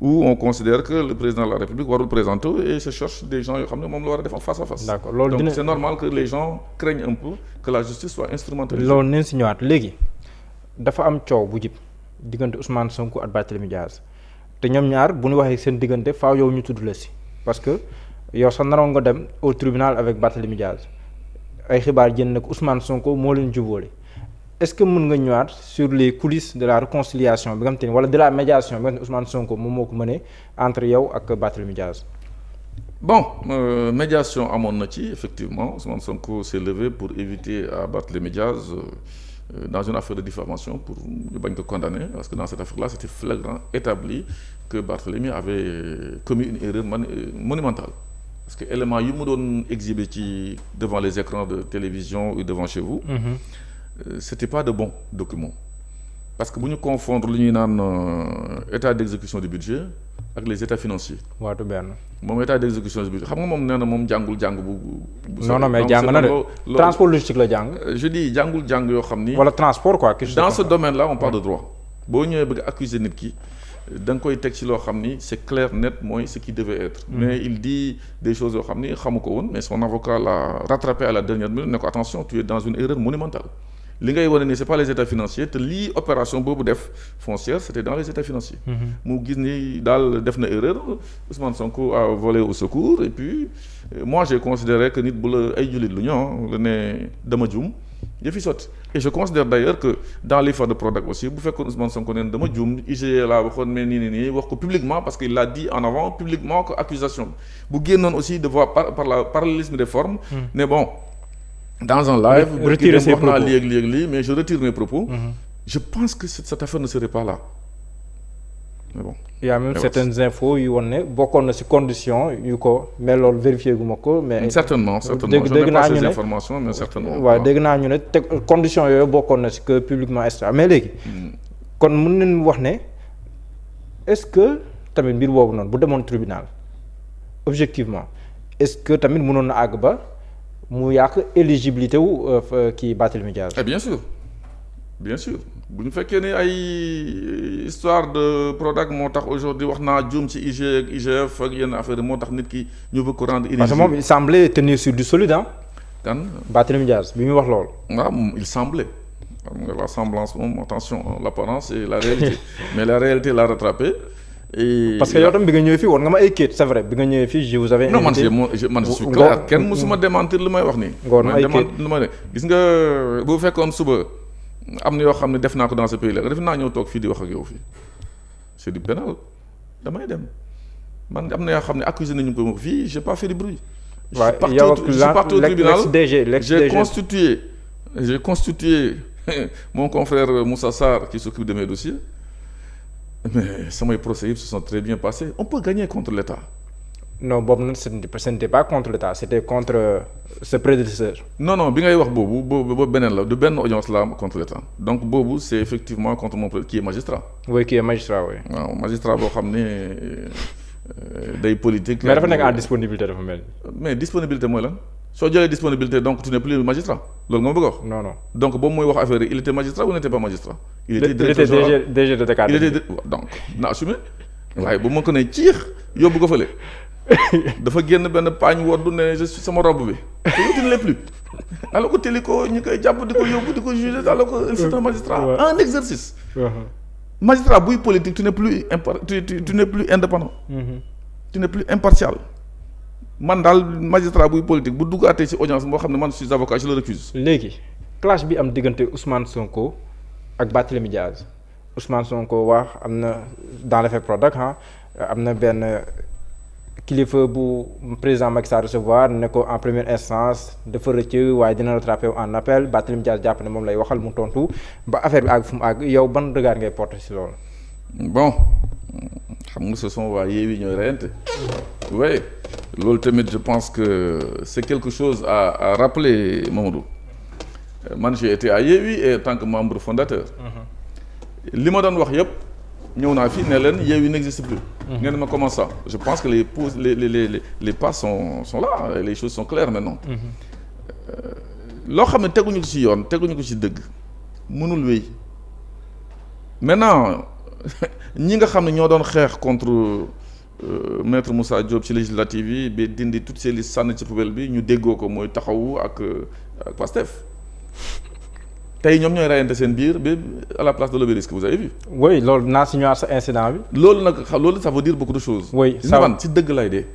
où on considère que le président de la République warul présenter et se cherche des gens yoo xam ne moom la war a def face à face. d'accord loolu dina donc c'est normal que les gens craignent un peu que la justice soit instrumentalisée. loolu nañ si ñëwaat léegi dafa am coow bu jib diggante Ousmane Sonko ak Barthélémy te ñoom ñaar bu nu waxee seen diggante faa yow ñu tudd la si parce que yow sax naroon nga dem au tribunal avec Barthélémy Diaz ay xibaar jënd na ko Ousmane Sonko moo leen jubóole. est-ce que mën nga ñëwaat sur les coulisses de la réconciliation bi nga xam te ni de la médiation bi nga xam ne Ousmane Sonko moom moo ko mënee entre yow ak Barthélémy Diaz. bon euh, médiation amoon na ci effectivement Ousmane Sonko s'est levé pour éviter à Barthélémy Diaz euh, euh, dans une affaire de diffamation pour ñu bañ ko condamner parce que dans cette affaire-là c'était flagrant établi que Barthélémy avait euh, commis une erreur monumentale parce que élément yu mu doon exhiber ci devant les écrans télévision ou devant Euh, c'était pas de bons documents parce que bu ñu confondre lu ñuy naan euh, état d'exécution du budget ak les états financiers. waaw moom état d'exécution du budget xam nga moom nee moom jàngul jàng bu. bu non non mais jàng euh, jàngul jàng yoo xam ni. wala transport quoi. dans ce domaine-là on parle de droit. boo ñëwee bëgg accuser nit ki da koy teg ci loo xam ni c'est clair net mooy ce qui devait être. Mm. mais il dit des choses yoo xam ni xamu ko woon mais son avocat l'a rattrapé à la dernière minute li ngay wane ni c'est pas les états financiers te lii opération boobu def foncière c'était dans les états financiers mm-hmm. mu gis ni daal def na erreur Ousmane Sonko a volé au secours et puis euh, moi j'ai considéré que nit bu la ay jullit lu ñoo ah, la ne dama juum yëfi et je considère d'ailleurs que dans l'effort de Prodac aussi bu fekkoon Ousmane Sonko neen dama juum IGE laa waxoon mais nii nii nii wax ko publiquement parce que l'a dit en avant publiquement que accusation bu de voir dans un live retirer ses propos mais je retire mes propos. Mhm. je pense que cette affaire ne serait pas là mais bon. il y a même certaines infos yu woon ne bokkoon na ci condition yu ko mais loolu vérifié guma ko. mais mm, certainement certainement je n'ai pas ces informations mais certainement. dégg naa ñu ne te condition yooyu bokkoon na si que publiquement extra mais léegi. Mm. kon mën nañu wax ne est-ce que tamit mbir boobu noonu bu demoon tribinal objectivement est-ce que tamit mënoon na àgg ba. mu yàq éligibilité wu euh, euh, kii Barthélémy Dias. Eh, bien sûr bien sûr bu ñu fekkee ne ay histoire de Prodac moo tax aujourd'hui wax naa juum ci IG ak IGF ak yenn affaire moo tax nit ki ñu bëgg ko rendre éligible. parce que moom il semblait tenir sur du solide ah. kan bi muy wax lool waaw il semblait. xam nga la semblance moom attention l'apparence et la réalité mais la réalité l'a rattrapé parce que yow tam bi nga ñëwee fii woon nga ma ay kayit c'est vrai bi nga man je man je suis clair kenn musuma démentir lu may wax nii ngoon ay kayit lu may gis nga bu fekkoon suba am na yoo xam ne def naa ko dans ce pays là def naa ñëw toog fii di wax ak yow dem man am na yoo xam ne accusé nañu ko fii j'ai pas fait de bruit waaw yow ak l'ex-DG l'ex-DG j'ai constitué j'ai mon confrère Moussa Sarr qui s'occupe de demee dossiers mais samay procès yëpp se sont très bien passés on peut gagner contre l'État non boobu nag ce n'était pas contre l'État c'était contre ce prédécesseur non non bi ngay wax boobu boobu beneen la du benn audience la contre l'État donc boobu c'est effectivement contre mon qui est magistrat oui qui est magistrat oui waaw ah, magistrat boo xam ne day politique mais dafa nekk en disponibilité dafa mel mais disponibilité mooy la soo jëlee disponibilité donc tu n'es plus magistrat loolu nga ma bëgg wax. non non donc boobu mooy wax affaire yi il était magistrat ou n'était pas magistrat. il était directeur il était donc na assumé waaye bu ma ko ne ciix yóbbu ko fële dafa génn benn paañ woddu ne je sama robe bi tu ne l'es plus alors que Téliko ñu koy jàpp di ko yóbbu di ko jugé alors que c'est un magistrat en exercice. magistrat buy politique tu n'es plus impar tu mm-hmm. plus impartial. man daal magistrat buy politique bu duggaatee ci audience moo xam ne man je suis avocat je le récuse. léegi clash bi am diggante Ousmane Sonko ak Barthélémy Diaz Ousmane Sonko waa am na dans l'affaire Prodac ah am na benn kilifa bu président Macky Sall recevoir ne ko en première instance dafa rëcc waaye dina rattrapé en appel Barthélémy Diaz jàpp ne moom lay waxal mu tontu ba affaire bi àgg fu mu àgg yow ban regard ngay porté si loolu. bon xam nga ce sont waa loolu tamit je pense que c'est quelque chose à à rappeler Mamadou man j'ai été à Yewwi et tant que membre fondateur mhm. li ma doon wax yëpp ñëw naa fii ne leen Yewwi n'existe plus mhm. ngeen ma comment ça je pense que les poses les les les les les choses son claires maintenant mhm. euh, loo xam ne teguñu ko ci yoon teguñu ko si dëgg mënul wéy maintenant ñi nga xam ne ñoo doon xeex contre Euh, maître Moussa Diop ci législative yi bi dindi toutes ces listes sànn ci poubelle bi ñu déggoo ko mooy taxawu ak euh, ak Pastef tey ñoom ñooy rayante seen biir ba à la place de l'obélisque vous avez loolu naa si ñëwaat sa incident bi. loolu nag xam loolu ça veut de choses. oui ça si dëgg lay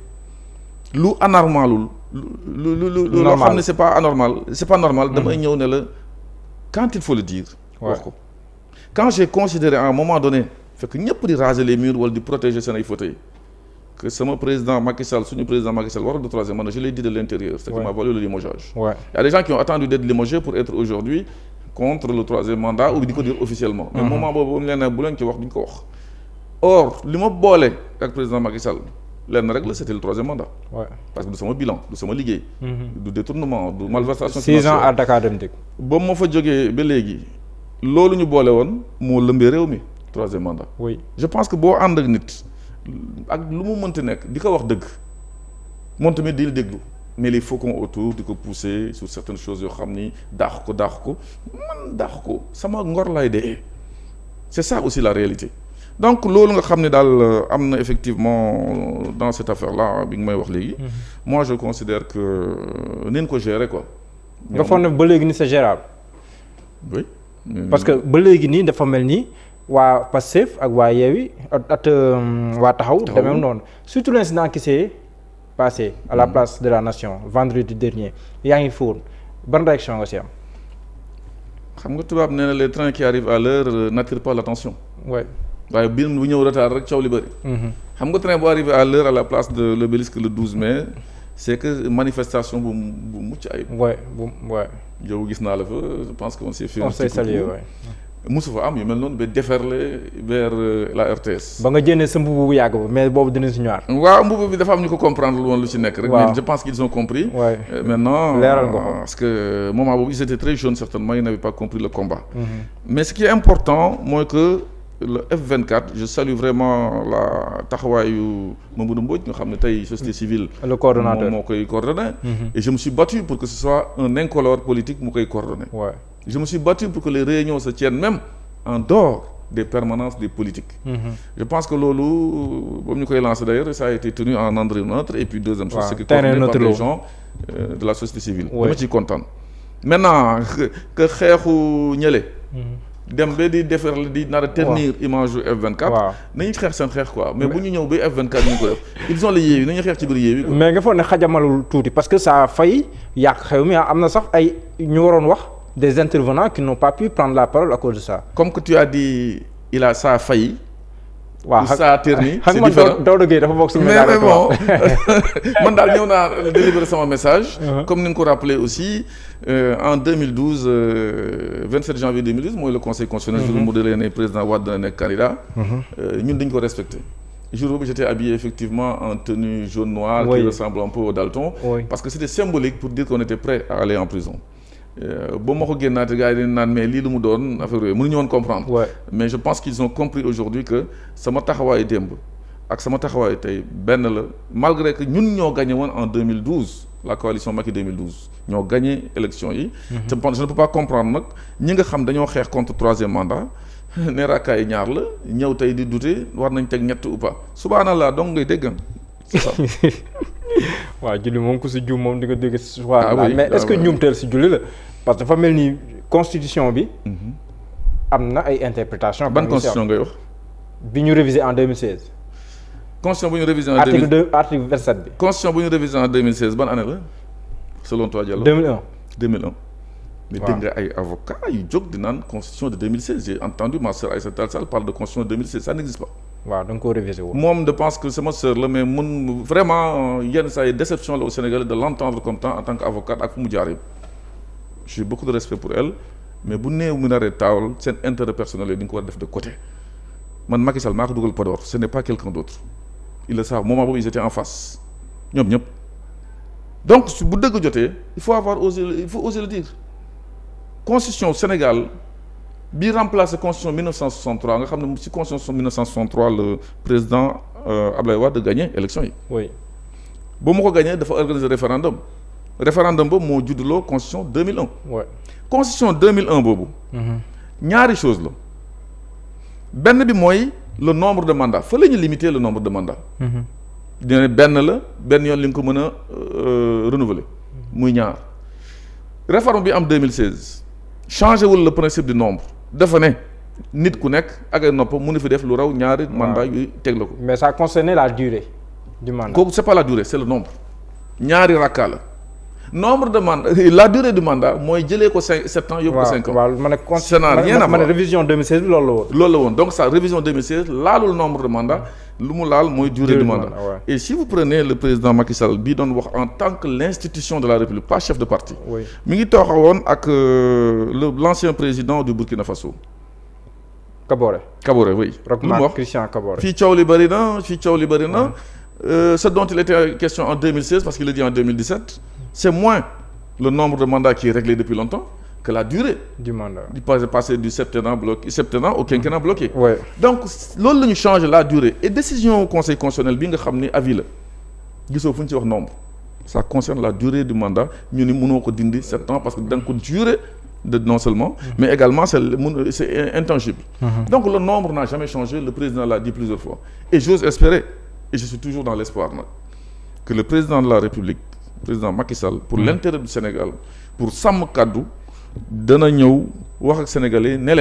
lu anormalul. lu lu lu lu loo xam ne c'est pas anormal c'est pas normal. damay mm-hmm. ñëw ne la quant il faut le dire. wax ko quand j'ai considéré un moment donné fekk ñëpp di raser les murs wala di protéger seen ay fauteuils sama président Macky Sall suñu de troisième mandat je l'ai dit de l'intérieur c'est ouais. m'a valu le limogeage ouais. il y a des gens qui ont attendu pour être aujourd'hui contre le troisième mandat ou di ko dire officiellement mais mhm. moment boobu ñu leen ne bu leen ci wax duñ ko wax or li ma boole ak président Macky Sall lenn rek c'était le troisième mandat parce que du sama bilan du sama liggéey mhm. du détournement du malversation six ans à ma fa ak lu mu mënti nekk di ko wax dëgg moom tamit di la déglu mais les faucons autour di ko pousser sur certaines choses yoo xam ni daax ko daax ko man daax ko sama ngor lay dee c'est ça aussi la réalité donc loolu nga xam ne daal euh, am na effectivement euh, dans cette affaire la bi nga may wax léegi. Mm-hmm. moi je considère que euh, nañ ko gérer quoi. nga foog ne ba léegi ni c'est gérable. parce que ba léegi nii dafa mel nii. waa Pastef ak waa Yewwi at euh, waa taxaw demeewul noonu surtout l'incident qui s'est passé à la mm. place de la nation vendredi dernier yaa ngi fóon ban réaction nga si am xam nga tubaab nee na les trains qui arrivent à l'heure euh, n'attirent pas l'attention ouais waaye biir bu ñëw retard rek coow li bëri mm-hmm. xam nga train bu arrivé à l'heure à la place de l'obélisque le 12 mai c'est que manifestation bu bu mucc ayib bu ouais yow gis naa la fa je pense qu'on on s'est mosu fa am yu mel noonu ba déferler vers euh, la RTS. ba nga jëndee sa mbubu bu yàgg ba mais boobu dinañ si ñëwaat. waaw mbubu bi dafa am ñu ko comprendre woon lu ci nekk rek. mais je pense qu'ils ont compris. Ouais. Euh, maintenant leeral nga ko parce que euh, moment pas compris le combat. Mhm. mais ce qui est important mooy que le F24 je salue vraiment la taxawaayu Mamadou Mbodj nga xam ne tey société civile. le coordonnateur moom moo koy coordonné. Mhm. et je me suis battu pour que ce soit un incolore politique mu je me suis battu pour que les réunions se tiennent même en dehors des permanences des politiques. Mm -hmm. je pense que loolu boobu ñu koy lancé d'ailleurs ça a été tenu en endroit neutre et puis deuxième chose. waaw c'est que coordonné par les euh, que xeexu ñële. Mhm. dem ba di defar di nar a ternir image F24. waaw xeex seen xeex quoi mais bu ñu ñëw ba F24 ñu ko def ils ont les Yewwi nañu xeex ci biir Yewwi. mais nga foog ne xajamalul tuuti parce que ça fay yàq xew mi ah, am na sax ay des intervenants qui n'ont pas pu la parole à cause de ça. comme que tu as dit il a a failli. waaw ça terni c'est différent Daouda Gueye bon man daal ñëw naa délivrer sama message. Uh-huh. comme ni nga ko rappelé aussi euh, en 2012 27 euh, janvier 2012 mooy le conseil constitutionnel. jour mu dalee ne président Wade dana nekk candidat. Uh-huh. Euh, ko respecté. jour boobu j'étais habillé effectivement en tenue jaune noir. qui ressemble un Dalton. parce que c'était symbolique pour dire qu'on était prêt à aller en prison. ba ma ko génnaate gars yi naan mais lii lu mu doon affaire yooyu mënuñu woon comprendre mais je pense qu'ils ont compris aujourd'hui que sama taxawaayu démb ak sama taxawaayu tey benn la malgré que ñun ñoo gagné woon en 2012 la coalition Macky 2012 ñoo gagné élection yi mhm. te je ne peux pas comprendre nag ñi nga xam dañoo xeex contre troisième mandat ne rakkaay ñaar la ñëw tey di douter war nañ teg ñett ou pas subhanallah donc ngay déggan waaw julli moom ku si juum moom di nga dégg si waaw ah mais est-ce ah que njuumteel si julli la parce que dafa mel ni bi mhm. am na ay interprétation ban n ngay wax bi ñu révisé en 2016 constitution bu ñu révisé en article deux article 27 bi constitution bu ñu révisé en 2016 ban année la selon toi Diallo 2001 2001 mais dégg nga ay avocat yu jóg di naan constitution de 2016 j'ai entendu ma sœur Aïssata Tall Sall parle de constitution de 2016 ça n'existe pas waaw da réviser woon moom de pense que sama sœur la mais mun vraiment yenn saa yi déception la u Sénégal de l'entendre comme temps en tant qu'avocate ak fu mu jaar yëpp j'ai beaucoup de respect pour elle mais bu néew mu naree taal seen intérêt personnel yi di nga ko war a def de côté man Macky Sall maa ko dugal Podor ce n'est pas quelqu'un d'autre ils le savent moment boobu ils étaient en face ñoom ñëpp donc bu dëgg jotee il faut avoir osé il faut oser le dire constitution Sénégal bi remplacé constitution 1963 nga xam ne si constitution 1963 le président euh, Ablaye Wade gagné élection yi. oui ba mu ko gagné dafa organiser référendum référendum ba moo juddloo constitution constitution boobu. Mhm. ñaari chose la benn bi mooy le nombre de mandats fa la ñu limiter le nombre de mandats. dina mhm. ne benn la benn yoon li nga ko mën a euh, renouveler. muy ñaar réforme bi am 2016 changé wul le principe du nombre. dafa ne nit ku nekk ak ay mu mënu fi def lu raw ñaari mandat yuy teg la ko. mais sa concernait la dure du mandat. kooku c'est pas la durée c'est le nombre ñaari rakkaa la nombre de mandat la durée du mandat mooy jëlee ko cinq sept ko cinq ans. waaw ma ne con ma ne révision 2016 bi loolu la woon. loolu la woon donc sa révision 2016 laalul nombre de mandat. lu mu laal mooy durée du mandat et si vous prenez le président Macky Sall bii doon wax en tant que l'institution de la République pas chef de parti mi ngi woon ak euh, le l'ancien président du Burkina Faso Kaboré Kaboré oui lu mu wax Christian fii coow li bëri na fii coow li bëri na euh, ce dont il était question en 2016 parce qu'il l'a dit en c'est moins le nombre de mandats qui est réglé depuis longtemps que la durée. du mandat di passer du septennat bloqué septennat au quinquennat bloqué. Ouais. donc loolu la ñu changer la durée et décision conseil constitutionnel bi nga xam ni avis la gisoo fu ñu ci wax nombre. ça concerne la durée du mandat ñu ni mënoo ko dindi sept ans parce que da nga ko durée de non seulement. Mm-hmm. mais également c'est mun c'est intangible. Mm-hmm. donc le nombre n'a jamais changé le président l'a dit plusieurs fois et j'ose espérer et je suis toujours dans l'espoir nag le président de la République président Macky Sall pour mm-hmm. l'intérêt du Sénégal pour sàmm kàddu. dana ñëw wax ak sénégalais ne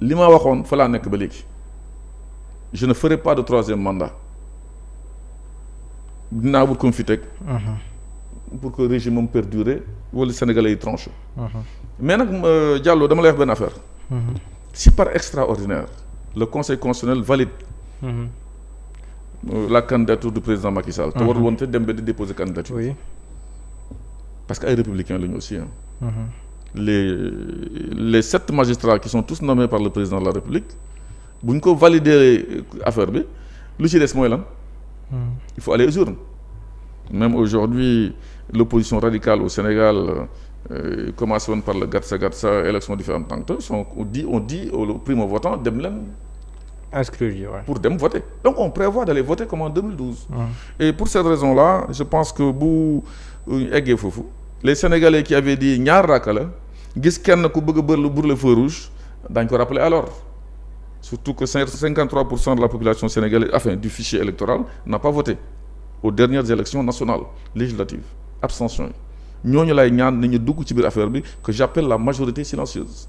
li ma waxoon fa laa nekk ba léegi je ne ferai pas de troisième mandat dinaa wut ko mu fi teg. Uh-huh. pour que régime am perdurer wala sénégalais yi tranché. Uh-huh. mais nag euh, Diallo dama lay wax benn affaire. Uh-huh. si par extraordinaire le conseil constitutionnel valide. Euh, la candidature du président Macky Sall. te warul woon dem ba di déposer candidature. parce que ay républicains la ñu aussi ah. les les sept magistrats qui sont tous nommés par le président de la république bu ñu ko valider affaire bi lu ci des mooy lan. Mhm. il faut aller aux urnes. même aujourd'hui l'opposition radicale au Sénégal euh, commence woon par le Gatsa Gatsa élection différentes tant que sont on dit on di aux primo-votants dem leen. Inscrire, ouais. pour dem voter donc on prévoit d'aller voter comme en 2012 ah. et pour cette raison là je pense que bu euh, eggee foofu les sénégalais qui avaient dit ñaar raaka la gis kenn ku bëgg a bërlu pour le feu rouge daañ ko rappeler alors surtout que 53 pour cent de la population sénégalaise enfin du fichier électoral n'a pas voté aux dernières élections nationales législatives abstention yi ñooñu lay ñaan nañu dugg ci biir affaire bi que j'appelle la majorité silencieuse